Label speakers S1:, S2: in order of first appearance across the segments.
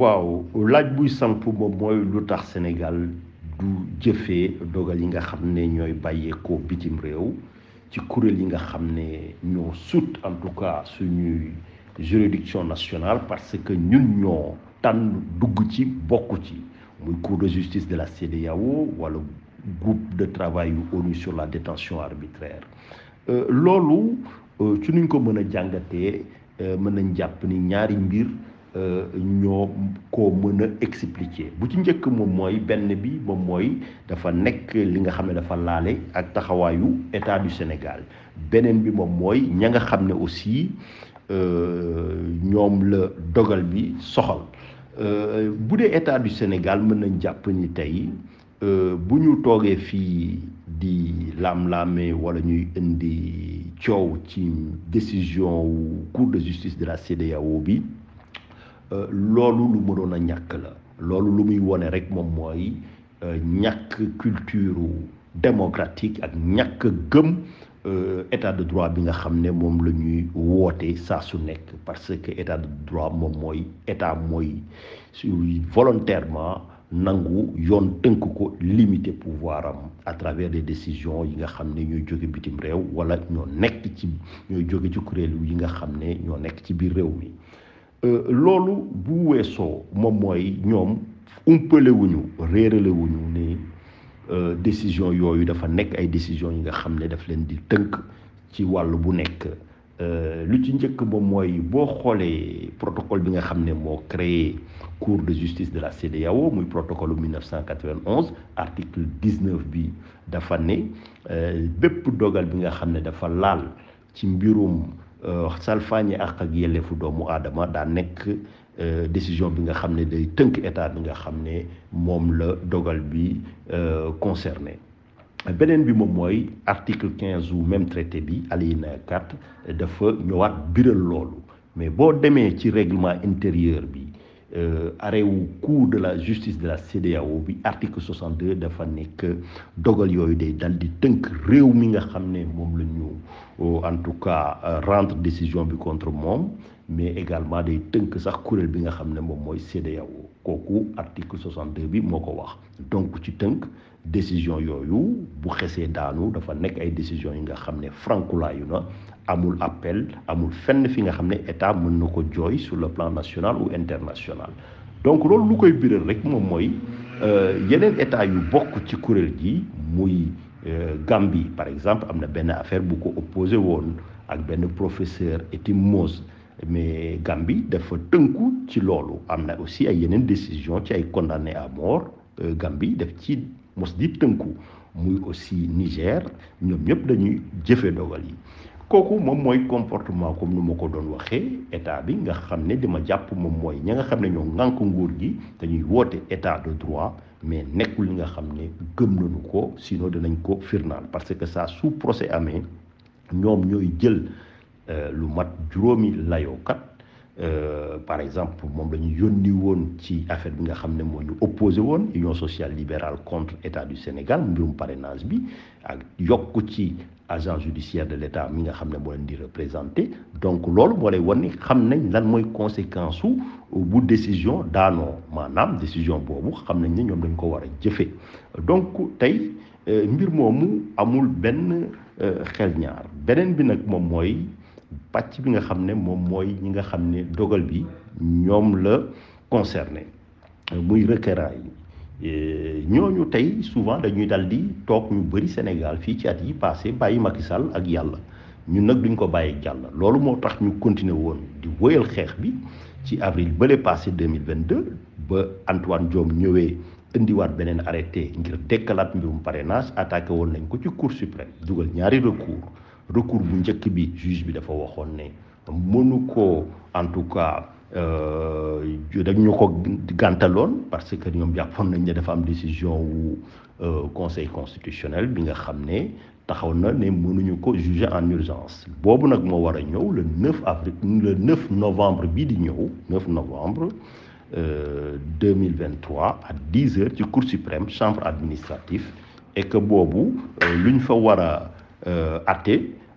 S1: waaw laaj buy samp moom mooy lu Sénégal du jëfee dogal yi nga ne ñooy bàyyeekoo bitim ci yi nga en tout cas juridiction nationale parce que ñun ñoo dugg ci ci de justice de la wala groupe de travail sur la détention arbitraire ci a ni euh, ñoo ko mën a expliquer bu ci njëkk moom mooy benn bi moom mooy dafa nekk li nga xam dafa ak état du Sénégal beneen bi moom mooy ña nga aussi euh, ñoom la dogal bi soxal euh, état du Sénégal ni di wala ñuy indi décision de justice de la CEDEAO bi loolu lu mënoon a ñàkk la loolu lu muy wone rek moom mooy euh, ñàkk culture démocratique ak ñàkk gëm euh, état de droit bi nga xam ne moom la ñuy woote saa su nekk parce que état de droit moom mooy état mooy volontairement nangu yoon tënk ko limiter pouvoir am à travers des décisions yi nga xam ne ñooy jóge bitim réew wala ñoo nekk ci ñooy jóge ci kuréel yi nga xam ne ñoo nekk ci biir réew mi euh, loolu bu weesoo moom mooy ñoom umpale wuñu réerale wuñu ni euh, décision yooyu dafa nekk ay décision yi nga daf di tënk ci wàll bu euh, lu ci protocole bi nga créé cour de justice de la CEDEAO muy protocole 1991 article 19 bi dafa ne bépp dogal bi nga xam dafa euh, salfaañe ak ak yelleefu doomu aadama daa nekk euh, décision bi nga xam ne day tënk état bi nga xam ne moom la dogal bi euh, concerné beneen bi moom mooy article 15 ou même traité bi alinéa 4 dafa ñëwaat biral loolu mais boo demee ci règlement intérieur bi euh, arrêt au cours de la justice de la CDAO, bi article 62 dafa que dogal yoyu day dal di teunk rew mi nga xamne mom euh, en tout cas euh, rendre décision bi contre mom mais également day teunk sax courel bi nga xamne mom moy CDAO koku article 62 bi moko wax donc ci teunk décision yoyu bu xesse daanu dafa nek ay décision yi nga xam ne amul appel amul fenn fi nga xam état mën na ko sur le plan national ou international donc lolou lu koy biral rek moy euh yenen état yu bok ci kuréel gi muy euh, Gambie par exemple amna ben affaire bu ko opposé won ak ben professeur Etim mais Gambie dafa tënku ci lolou amna aussi ay yenen décision ci ay condamné à mort euh, Gambie daf ci mos di tënku muy aussi Niger ñom ñep dañuy jëfé dogal yi kooku moom mooy comportement comme nu ma ko doon waxee état bi nga xam ne di ma jàpp moom mooy ña nga xam ne ñoo ŋànk nguur gi dañuy woote état de troit mais nekkul li nga xam ne gëm nañu ko sinon dinañ ko firnaal parce que saa su procès amee ñoom ñooy jël euh, lu mat juróomi layookat Euh, par exemple pour la ci affaire bi nga mo opposé sociale libérale contre l'État du Sénégal mbirum parrainage bi ak ci agent judiciaire de l'état mi nga xam ne leen di représenter donc que moo lay wan xam nañ lan moy conséquence bu décision dans manam décision bobu xam nañ dañ ko wara a donc tay euh, mbir amul ben xel ñaar benen bi nak mom pàcc bi nga xam ne moom mooy ñi nga xam ne dogal bi ñoom la concerné muy requérant yi ñooñu tey souvent dañuy dal di toog ñu bëri Sénégal fii ci at yi passé bàyyi Macky Sall ak yàlla ñun nag duñ ko bàyyi ak yàlla loolu moo tax ñu continuer woon di wëyal xeex bi ci avril bële passé 2022 ba Antoine Diome ñëwee indiwaat beneen arrêté ngir dekkalaat mbirum parrainage attaqué woon nañ ko ci Cour suprême dugal ñaari recours recours bu njëkk bi juge bi dafa waxoon ne mënu ko en tout cas euh, dañu ko gàntaloon parce que ñoom jàppoon nañ ne dafa am décision wu euh, conseil constitutionnel bi nga xam ne taxaw na ne mënuñu ko juger en urgence boobu nag moo war a ñëw le 9 avril le 9 novembre bii di ñëw 9 novembre euh, 2023 à 10 heures ci cour suprême chambre administrative et que boobu euh, luñ fa war a atte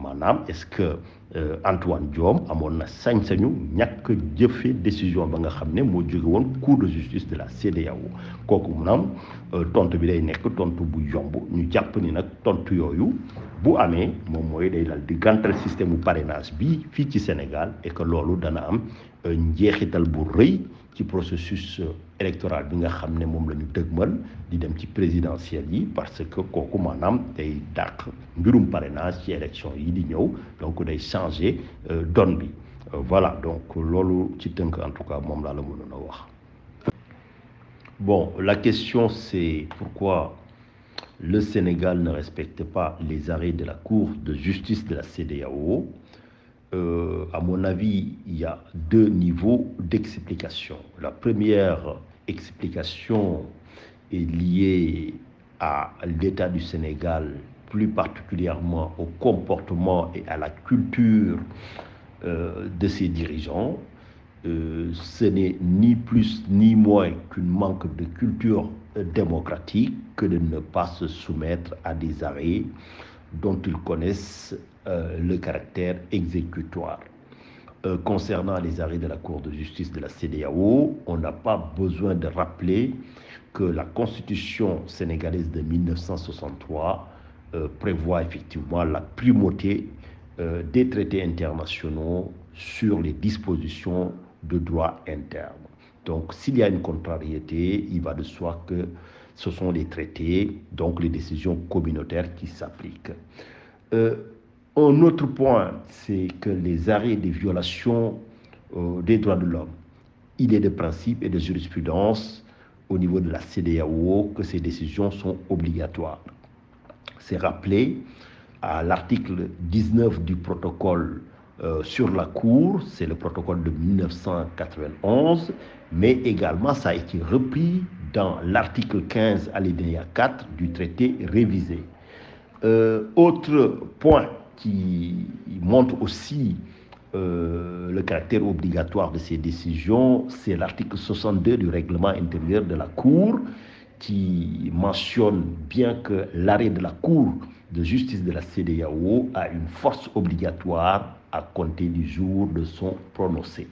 S1: manam est-ce que euh, Antoine Diom a na sañ-sañu a décision ba nga de justice de la CEDEAO kooku maanaam euh, tontu bi day nekk tontu bu yomb ñu japp ni nak tontu yoyu bu amé mom moy day dal di système parrainage Sénégal et que dana am euh, ci processus euh, électoral bi nga xam ne moom la ñu dëgmal di dem ci présidentiel yi parce que kooku maanaam day dàq mbirum parrainage ci élection yi di ñëw donc day changer euh, donne bi euh, voilà donc loolu ci tënk en tout cas moom laa la mënoon wax. bon la question c'est pourquoi le Sénégal ne respecte pas les arrêts de la Cour de justice de la CEDEAO euh, à mon avis, il y a deux niveaux d'explication. La première explication est liée à l'état du Sénégal, plus particulièrement au comportement et à la culture euh, de ses dirigeants. Euh, ce n'est ni plus ni moins qu'une manque de culture démocratique que de ne pas se soumettre à des arrêts dont ils connaissent euh, le caractère exécutoire. Euh, concernant les arrêts de la Cour de justice de la CDAO, on n'a pas besoin de rappeler que la Constitution sénégalaise de 1963 euh, prévoit effectivement la primauté des traités internationaux sur les dispositions de droit interne. Donc s'il y a une contrariété, il va de soi que ce sont les traités, donc les décisions communautaires qui s'appliquent. Un autre point, c'est que les arrêts des violations euh, des droits de l'homme, il est de principe et de jurisprudence au niveau de la CDAO que ces décisions sont obligatoires. C'est rappelé à l'article 19 du protocole euh, sur la Cour, c'est le protocole de 1991, mais également ça a été repris dans l'article 15 à alinéa 4 du traité révisé. Euh, autre point qui montre aussi euh, le caractère obligatoire de ces décisions, c'est l'article 62 du règlement intérieur de la Cour qui mentionne bien que l'arrêt de la Cour de justice de la CDAO a une force obligatoire à compter du jour de son prononcé.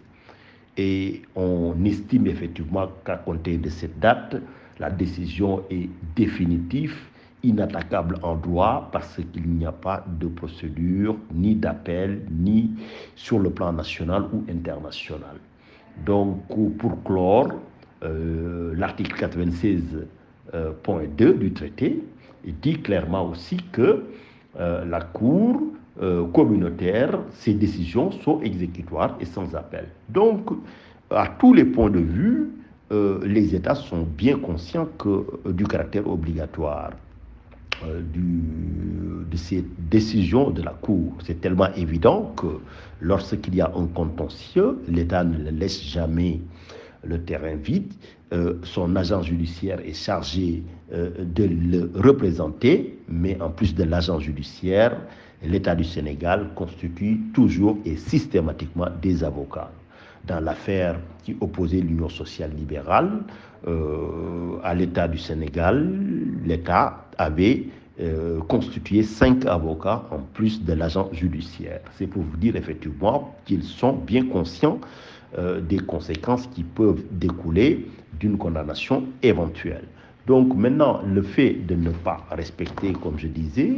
S1: Et on estime effectivement qu'à compter de cette date, la décision est définitive inattaquable en droit parce qu'il n'y a pas de procédure ni d'appel ni sur le plan national ou international. Donc pour clore, euh, l'article 96.2 euh, du traité dit clairement aussi que euh, la Cour communautaire, ses décisions sont exécutoires et sans appel. Donc à tous les points de vue, les États sont bien conscients que, du caractère obligatoire euh, de ces décisions de la Cour. C'est tellement évident que lorsqu'il y a un contentieux, l'État ne laisse jamais le terrain vide. Euh, son agent judiciaire est chargé euh, de le représenter, mais en plus de l'agent judiciaire, l'État du Sénégal constitue toujours et systématiquement des avocats. Dans l'affaire qui opposait l'Union sociale libérale à l'État du Sénégal, l'État avait euh, constituer cinq avocats en plus de l'agent judiciaire. C'est pour vous dire effectivement qu'ils sont bien conscients euh, des conséquences qui peuvent découler d'une condamnation éventuelle. Donc maintenant, le fait de ne pas respecter, comme je disais,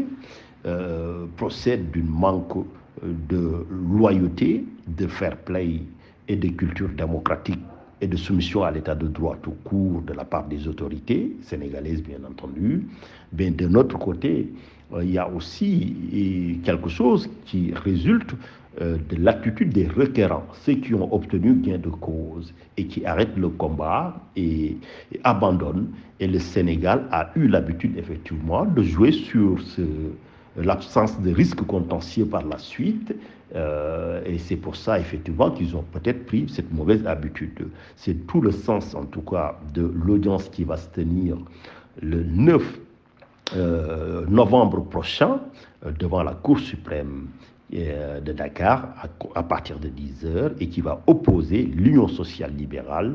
S1: euh, procède d'une manque de loyauté, de fair play et de culture démocratique et de soumission à l'état de droit tout court de la part des autorités sénégalaises, bien entendu, mais de notre côté, euh, il y a aussi quelque chose qui résulte euh, de l'attitude des requérants, ceux qui ont obtenu gain de cause et qui arrêtent le combat et, et abandonnent. Et le Sénégal a eu l'habitude effectivement de jouer sur l'absence de risque contentieux par la suite euh, et c'est pour ça, effectivement, qu'ils ont peut-être pris cette mauvaise habitude. C'est tout le sens, en tout cas, de l'audience qui va se tenir le 9 euh, novembre prochain euh, devant la Cour suprême de Dakar à, à partir de 10h et qui va opposer l'Union sociale libérale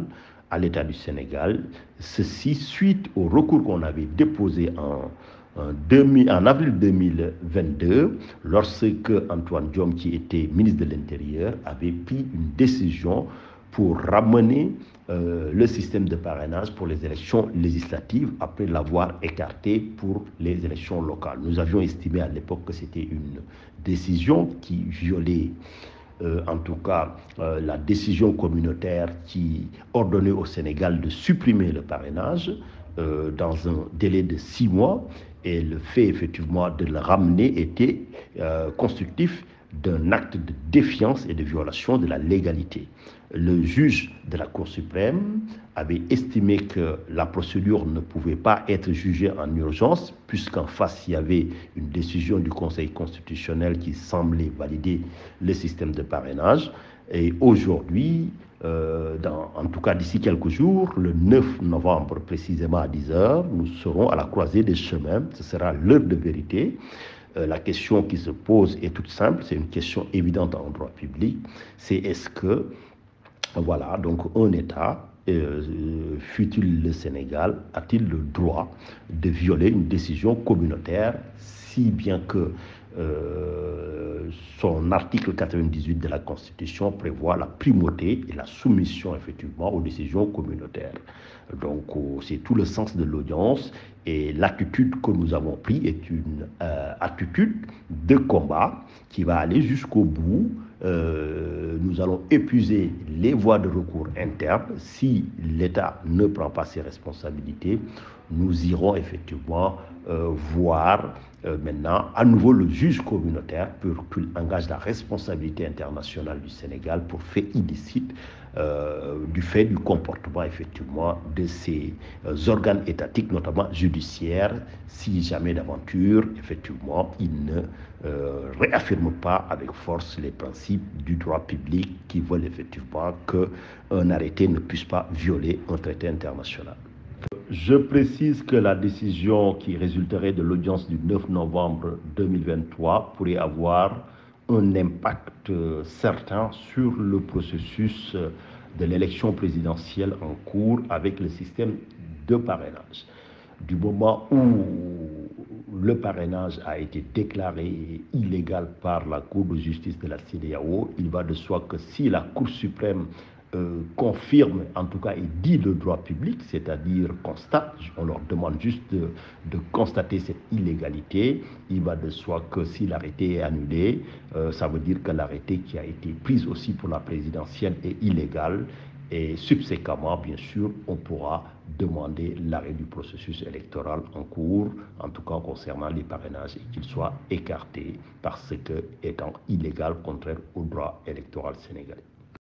S1: à l'État du Sénégal. Ceci suite au recours qu'on avait déposé en en, avril 2022, lorsque Antoine Diom, qui était ministre de l'Intérieur, avait pris une décision pour ramener euh, le système de parrainage pour les élections législatives après l'avoir écarté pour les élections locales. Nous avions estimé à l'époque que c'était une décision qui violait euh, en tout cas euh, la décision communautaire qui ordonnait au Sénégal de supprimer le parrainage dans un délai de six mois et le fait effectivement de le ramener était euh, constructif d'un acte de défiance et de violation de la légalité. Le juge de la Cour suprême avait estimé que la procédure ne pouvait pas être jugée en urgence, puisqu'en face, il y avait une décision du Conseil constitutionnel qui semblait valider le système de parrainage. Et aujourd'hui, euh, dans, en tout cas d'ici quelques jours, le 9 novembre précisément à 10h, nous serons à la croisée des chemins. Ce sera l'heure de vérité. Euh, la question qui se pose est toute simple, c'est une question évidente en droit public. C'est est-ce que, voilà, donc un État, euh, fut-il le Sénégal, a-t-il le droit de violer une décision communautaire si bien que euh, son article 98 de la Constitution prévoit la primauté et la soumission effectivement aux décisions communautaires. Donc euh, c'est tout le sens de l'audience et l'attitude que nous avons prise est une euh, attitude de combat qui va aller jusqu'au bout. nous allons épuiser les voies de recours internes si l'État ne prend pas ses responsabilités nous irons effectivement euh, voir euh, maintenant à nouveau le juge communautaire pour qu'il engage la responsabilité internationale du Sénégal pour fait illicite euh, du fait du comportement effectivement de ces organes étatiques, notamment judiciaires, si jamais d'aventure effectivement il ne réaffirme pas avec force les principes du droit public qui veulent effectivement qu'un arrêté ne puisse pas violer un traité international. Je précise que la décision qui résulterait de l'audience du 9 novembre 2023 pourrait avoir un impact euh, certain sur le processus euh, de l'élection présidentielle en cours avec le système de parrainage. Du moment où le parrainage a été déclaré illégal par la Cour de justice de la CDAO, il va de soi que si la Cour suprême euh, confirme, en tout cas, et dit le droit public, c'est-à-dire constate, on leur demande juste de, constater cette illégalité. Il va de soi que si l'arrêté est annulé, euh, ça veut dire que l'arrêté qui a été pris aussi pour la présidentielle est illégal. Et subséquemment, bien sûr, on pourra demander l'arrêt du processus électoral en cours, en tout cas concernant les parrainages, et qu'il soit écarté parce que étant illégal, contraire au droit électoral sénégalais.